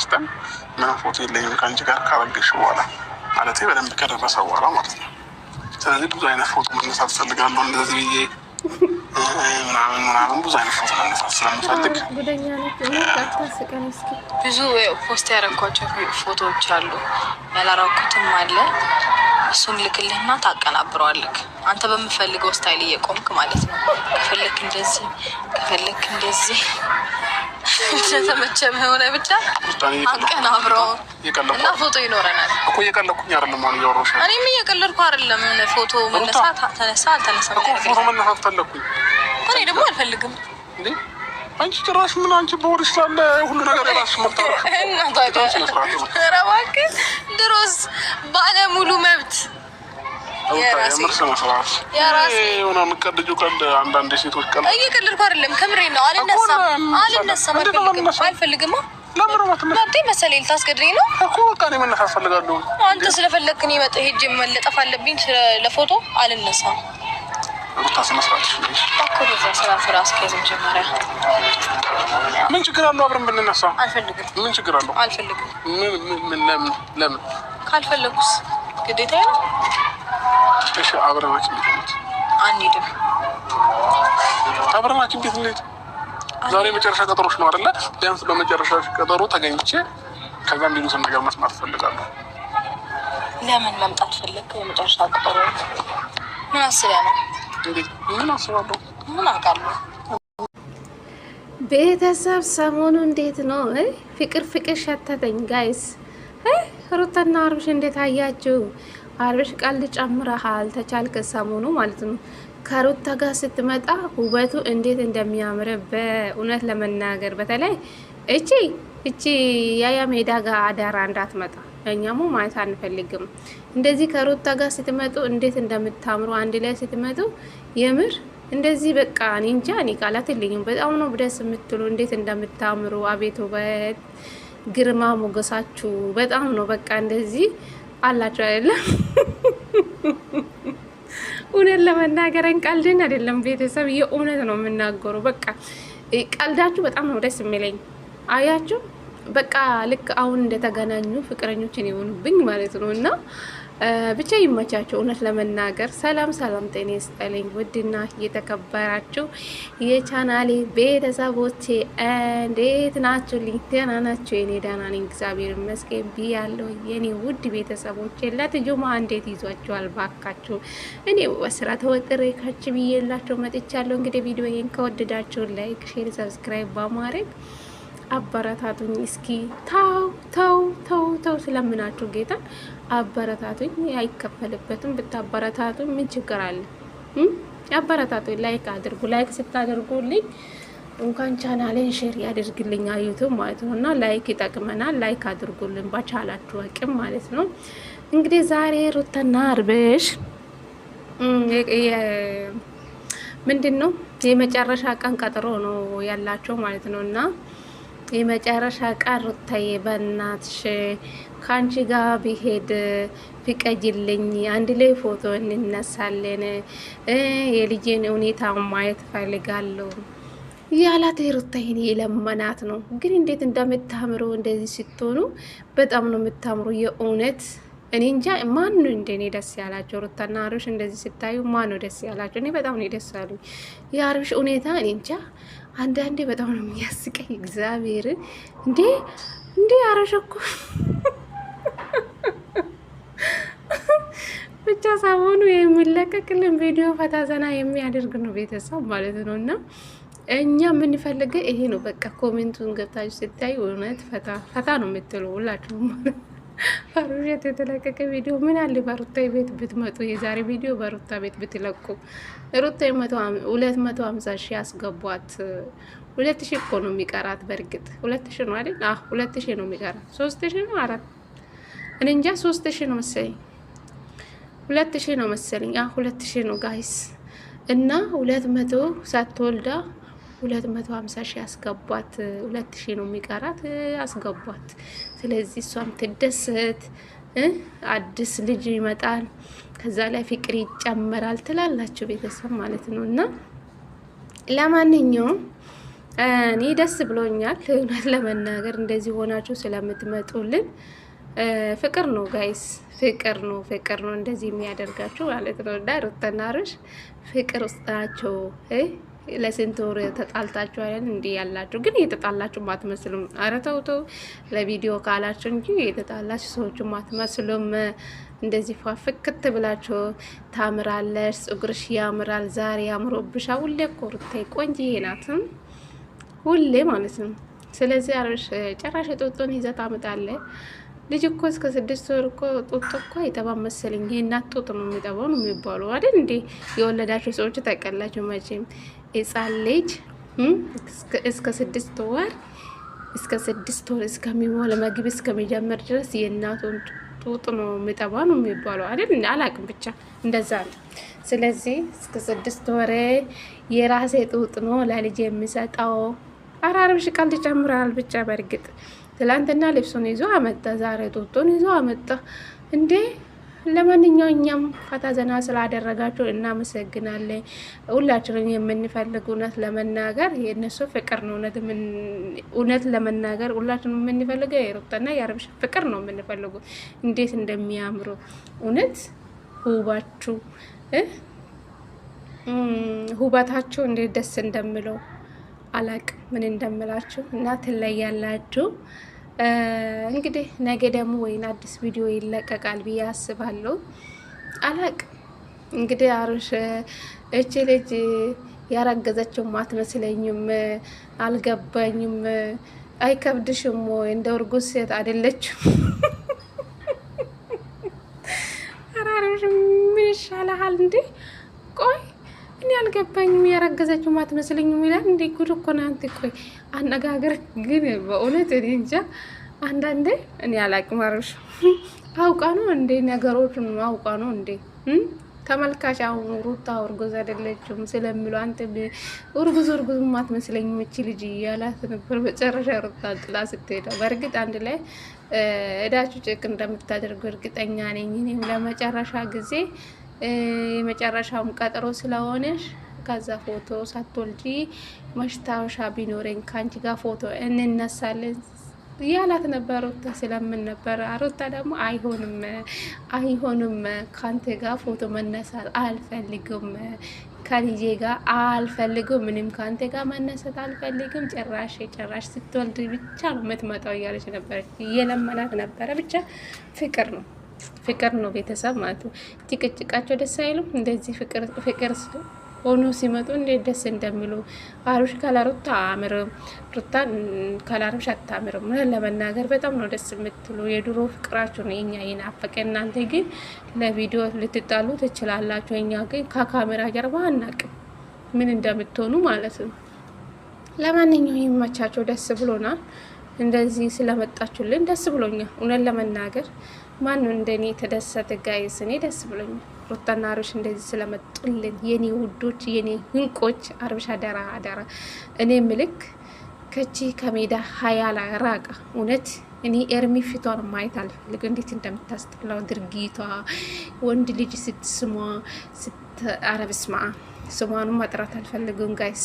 ተነስተን ምንም ፎቶ የለኝም ከአንቺ ጋር ካረገሽ በኋላ ማለት በደንብ ከደረሰ በኋላ ማለት ነው። ስለዚህ ብዙ አይነት ፎቶ መነሳት ፈልጋለሁ እንደዚህ ብዬ ምናምን ምናምን ብዙ አይነት ፎቶ መነሳት ስለምፈልግ ብዙ ፖስት ያደረኳቸው ፎቶዎች አሉ። ያላረኩትም አለ። እሱን ልክልህና ታቀናብረዋለክ አንተ በምፈልገው ስታይል እየቆምክ ማለት ነው። ከፈለክ እንደዚህ ከፈለክ እንደዚህ እንደተመቸም የሆነ ብቻ አብሮ እና ፎቶ ይኖረናል እኮ። እየቀለድኩኝ አይደለም አሁን እያወራሁሽ። እኔም እየቀለድኩ አይደለም። ፎቶ መነሳት ተነሳ አልተነሳም እኮ ፎቶ መነሳት ፈለግኩኝ። እኔ ደግሞ አልፈልግም። አንቺ ጭራሽ ምን አንቺ ስላለ ሁሉ ነገር ራሱ ድሮስ ባለሙሉ የሆነ የምትቀልጁ ቀልድ አንዳንድ ነው። አልነሳም አልነሳም፣ ነው እኮ በቃ እኔ መነሳት አልነሳም ምን ችግር አለው? ግዴታ ነው እሺ አብረናችን ቤት እንሂድ። አንሂድም። አብረናችን ቤት እንሂድ። ዛሬ መጨረሻ ቀጠሮች ነው አይደለ? ቢያንስ በመጨረሻ ቀጠሮ ተገኝቼ ከዛ የሚሉትን ነገር መስማት ፈልጋለሁ። ለምን መምጣት ፈለግ? የመጨረሻ ቀጠሮ ምን አስቢያ ነው? ምን አስባለሁ? ምን አውቃለሁ? ቤተሰብ ሰሞኑ እንዴት ነው? ፍቅር ፍቅር ሸተተኝ ጋይስ። ሩታና አብርሽ እንዴት አያችሁ? አርብሽ ቀልድ ጨምረሃል ተቻልክ ሰሞኑ ማለት ነው። ከሩታ ጋር ስትመጣ ውበቱ እንዴት እንደሚያምር በእውነት ለመናገር በተለይ እቺ እቺ ያያ ሜዳ ጋር አዳራ እንዳትመጣ እኛሙ ማለት አንፈልግም። እንደዚህ ከሩታ ጋር ስትመጡ እንዴት እንደምታምሩ አንድ ላይ ስትመጡ የምር እንደዚህ በቃ እኔ እንጃ እኔ ቃላት የለኝም። በጣም ነው ደስ የምትሉ እንዴት እንደምታምሩ አቤት ውበት፣ ግርማ ሞገሳችሁ በጣም ነው በቃ እንደዚህ አላቸው አይደለም። እውነት ለመናገረን ቀልድን አይደለም ቤተሰብ የእውነት ነው የምናገሩ። በቃ ቀልዳችሁ በጣም ነው ደስ የሚለኝ። አያችሁ በቃ ልክ አሁን እንደተገናኙ ፍቅረኞችን የሆኑብኝ ማለት ነው እና ብቻ ይመቻቸው። እውነት ለመናገር ሰላም ሰላም፣ ጤና ይስጥልኝ ውድና እየተከበራችሁ የቻናሌ ቤተሰቦቼ እንዴት ልኝ ደህና ናቸው። የኔ ደህና ነኝ እግዚአብሔር ይመስገን ብያለሁ። የኔ ውድ ቤተሰቦቼ ለትጁማ እንዴት ይዟችኋል? ባካችሁ እኔ በስራ ተወጥሬ ካች ብዬላቸው መጥቻለሁ። እንግዲህ ቪዲዮ ይህን ከወደዳችሁ ላይክ፣ ሼር፣ ሰብስክራይብ በማድረግ አበረታቱኝ እስኪ ታው ተው ተው ተው ስለምናችሁ ጌታ አበረታቱኝ። አይከፈልበትም ብታበረታቱኝ ምን ችግር አለ? አበረታቱኝ። ላይክ አድርጉ። ላይክ ስታደርጉልኝ እንኳን ቻናሌን ሼር ያደርግልኝ ዩቱብ ማለት ነው እና ላይክ ይጠቅመናል። ላይክ አድርጉልን በቻላችሁ አቅም ማለት ነው። እንግዲህ ዛሬ ሩታና አብርሽ ምንድን ነው የመጨረሻ ቀን ቀጠሮ ነው ያላቸው ማለት ነው እና የመጨረሻ ቃል ሩታዬ፣ በእናትሽ ከአንቺ ጋር ቢሄድ ፍቀጅልኝ፣ አንድ ላይ ፎቶ እንነሳለን፣ የልጄን ሁኔታ ማየት ፈልጋለሁ ያላት ሩታዬን የለመናት ነው። ግን እንዴት እንደምታምሩ እንደዚህ ስትሆኑ በጣም ነው የምታምሩ የእውነት እኔ እንጃ ማን ነው እንደኔ ደስ ያላቸው? ሩታና አብርሽ እንደዚህ ስታዩ ማን ነው ደስ ያላቸው? እኔ በጣም ነው ደስ ያሉኝ የአብርሽ ሁኔታ እኔ እንጃ አንዳንዴ በጣም ነው የሚያስቀኝ። እግዚአብሔርን እንዴ እንዴ አረሸኩ ብቻ ሳሆኑ የሚለቀቅልን ቪዲዮ ፈታ ዘና የሚያደርግ ነው ቤተሰብ ማለት ነው። እና እኛ የምንፈልገ ይሄ ነው። በቃ ኮሜንቱን ገብታችሁ ስታይ እውነት ፈታ ፈታ ነው የምትለው ሁላችሁም ማለት ነው። ፈሩሸት የተለቀቀ ቪዲዮ ምን አለ በሩታ ቤት ብትመጡ፣ የዛሬ ቪዲዮ በሩታ ቤት ብትለቁ። ሩታ ሁለት መቶ ሀምሳ ሺ ያስገቧት። ሁለት ሺ እኮ ነው የሚቀራት። በእርግጥ ሁለት ሺ ነው አይደል? አዎ ሁለት ሺ ነው የሚቀራት። ሶስት ሺ ነው አራት እኔ እንጃ፣ ሶስት ሺ ነው መሰለኝ፣ ሁለት ሺ ነው መሰለኝ። አዎ ሁለት ሺ ነው ጋይስ እና ሁለት መቶ ሳትወልዳ ሁለት መቶ ሀምሳ ሺህ አስገቧት። ሁለት ሺህ ነው የሚቀራት፣ አስገቧት። ስለዚህ እሷም ትደሰት። አዲስ ልጅ ይመጣል፣ ከዛ ላይ ፍቅር ይጨመራል ትላላችሁ ቤተሰብ ማለት ነው እና ለማንኛውም እኔ ደስ ብሎኛል። እውነት ለመናገር እንደዚህ ሆናችሁ ስለምትመጡልን ፍቅር ነው ጋይስ፣ ፍቅር ነው ፍቅር ነው እንደዚህ የሚያደርጋችሁ ማለት ነው እና ሩታና ፍቅር ውስጥ ናቸው። ለስንት ወር ተጣልታችሁ አይደል እንዲህ ያላችሁ ግን የተጣላችሁ ማትመስሉም። ኧረ ተው ተው፣ ለቪዲዮ ካላችሁ እንጂ የተጣላችሁ ሰዎች ማትመስሉም። እንደዚህ ፏፍክት ብላችሁ ታምራለች፣ ጽጉርሽ ያምራል፣ ዛሬ ያምሮብሻ። ሁሌ ኮርታይ ቆንጂ ናትም ሁሌ ማለት ነው። ስለዚህ አብርሽ ጭራሽ ጡጡን ይዘህ ታምጣለህ። ልጅ እኮ እስከ ስድስት ወር እኮ ጡጥ እኮ አይጠባም መሰለኝ። የእናት ጡጥ ነው የሚጠባው ነው የሚባሉ አይደል እንዲህ የወለዳቸው ሰዎች ታውቃላችሁ መቼም ሕፃን ልጅ እስከ ስድስት ወር እስከ ስድስት ወር እስከሚሞላ ምግብ እስከሚጀምር ድረስ የእናቱን ጡጥ ነው የሚጠባ ነው የሚባለው አይደል? አላቅም ብቻ እንደዛ ነው። ስለዚህ እስከ ስድስት ወር የራሴ ጡጥ ነው ለልጅ የሚሰጠው። አራርብሽ ቀልድ ጨምራል። ብቻ በእርግጥ ትላንትና ልብሱን ይዞ አመጣ፣ ዛሬ ጡጡን ይዞ አመጣ እንዴ ለማንኛው እኛም ፈታ ዘና ስላደረጋችሁ እናመሰግናለን። ሁላችንም የምንፈልግ እውነት ለመናገር የእነሱ ፍቅር ነው። እውነት ለመናገር ሁላችን የምንፈልገ የሩጠና የአብርሽ ፍቅር ነው የምንፈልጉ። እንዴት እንደሚያምሩ እውነት ሁባችሁ ሁባታችሁ እንዴት ደስ እንደምለው አላቅ ምን እንደምላችሁ እና ትለያላችሁ። እንግዲህ ነገ ደግሞ ወይን አዲስ ቪዲዮ ይለቀቃል ብዬ አስባለሁ። አላቅ እንግዲህ አሩሽ እቺ ልጅ ያረገዘችውም አትመስለኝም፣ አልገባኝም። አይከብድሽም ወይ? እንደ እርጉዝ ሴት አይደለችም። አራሮሽ ምን ይሻልሃል እንዴ? እኔ አልገባኝም። ያረገዘችው መስለኝ ይላል። እንደ ጉድ እኮ ነው። አንተ ቆይ አነጋገር ግን በእውነት እኔ እንጃ። አንዳንዴ እኔ አላቅም። አብርሽ አውቃ ነው እንዴ? ነገሮችን አውቃ ነው እንዴ? ተመልካች አሁን ሩታ እርጉዝ አይደለችም ስለሚሉ አንተ እርጉዝ እርጉዝ ማት መስለኝ ምች ልጅ እያላት ነበር። መጨረሻ ሩታ ጥላ ስትሄዳ በእርግጥ አንድ ላይ እዳችሁ ጭቅ እንደምታደርጉ እርግጠኛ ነኝ። እኔም ለመጨረሻ ጊዜ የመጨረሻውም ቀጠሮ ስለሆነሽ ከዛ ፎቶ ሳትወልጂ ማስታወሻ ቢኖረኝ ከአንቺ ጋር ፎቶ እንነሳለን ያላት ነበር። ሩታ ስለምን ነበር ሩታ ደግሞ አይሆንም፣ አይሆንም ካንተ ጋር ፎቶ መነሳት አልፈልግም፣ ከልጄ ጋር አልፈልግም፣ ምንም ካንተ ጋር መነሳት አልፈልግም። ጭራሽ ጭራሽ ስትወልድ ብቻ ነው የምትመጣው እያለች ነበረች፣ እየለመናት ነበረ። ብቻ ፍቅር ነው። ፍቅር ነው ቤተሰብ ማለት ነው። ጭቅጭቃቸው ደስ አይሉም። እንደዚህ ፍቅር ሆኖ ሲመጡ እንዴት ደስ እንደሚሉ አብርሽ ካላሩታ አምርም ሩታ ካላብርሽ አታምርም። ለመናገር በጣም ነው ደስ የምትሉ የድሮ ፍቅራችሁ ነው የኛ ይናፈቀ። እናንተ ግን ለቪዲዮ ልትጣሉ ትችላላችሁ። እኛ ግን ከካሜራ ጀርባ አናቅም ምን እንደምትሆኑ ማለት ነው። ለማንኛውም ይመቻቸው። ደስ ብሎናል። እንደዚህ ስለመጣችሁልን ደስ ብሎኛል እውነት ለመናገር ማነው እንደኔ ተደሰተ? ጋይስ? እኔ ደስ ብሎኛል ሩታና አብርሽ እንደዚህ ስለመጡልን የኔ ውዶች፣ የኔ ህንቆች። አብርሽ አደራ አደራ፣ እኔ ምልክ ከቺ ከሜዳ ላይ ራቃ እውነት እኔ ኤርሚ ፊቷን ማየት አልፈልግ። እንዴት እንደምታስጠላው ድርጊቷ ወንድ ልጅ ስትስሟ ስት አረብስማ ስሟንም ማጥራት አልፈልግም ጋይስ።